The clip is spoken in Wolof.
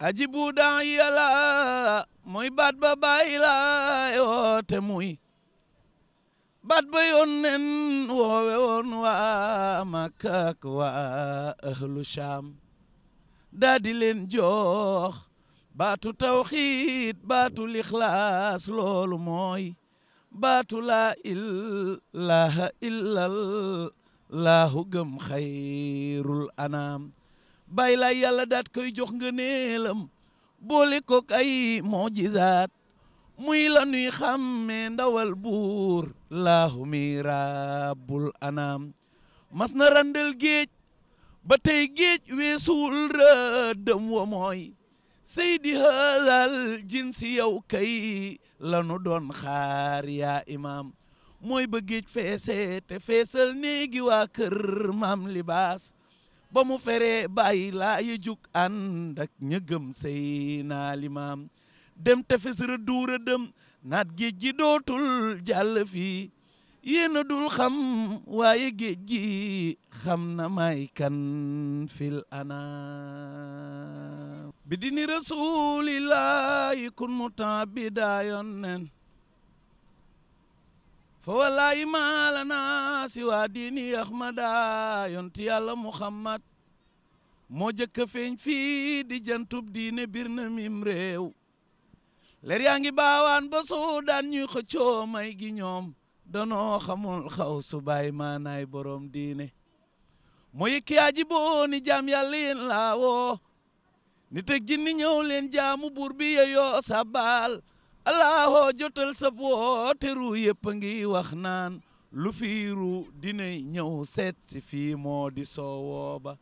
ajibu daan yàlla muy baat ba bàyyi laay woote muy baat ba yónneen woowe woon waa Makka ak ahlu Sham daa di leen jox baatu tawxiid lixlaas loolu mooy baatu laa ilaaha illal laahu gëm xayrul anaam bàyyi laay yàlla daat koy jox ngëneelam boole kook ay mojizaat muy la nuy xàmmee ndawal buur laahu mi rabbul anaam mas na randal géej ba tey géej weesuul rëddëm wa mooy seydi haadal jinsi yow kay lanu doon xaar yaa imaam mooy ba géej feesee te feesal néegi waa kër maam libaas ba mu feree bàyyi laa yi jug ànd ak ña gëm sey naa limaam dem tefes rëdduura dem naat géej gi dootul jàll fii yéen a dul xam waaye géej gi xam na may kan fil anaam bi dini kun mu temps bi nen fa wallaahi maa lanaa diini ahmada yonti yàlla muhammad moo jëkk feeñ fi di jantub diine bir na mim réew leer yaa ngi baawaan ba suudaan ñuy xëccoo may gi ñoom danoo xamul xaw su borom diine moo yëkki aji boo ni jaam yàlla yéen laawoo nit ak jinni ñëw leen jaamu buur bi yeyoo sabal allahoo jotal sa booteru yëpp a ngi wax naan lu fi fiiru dina ñëw seet si fi moo di soowoo ba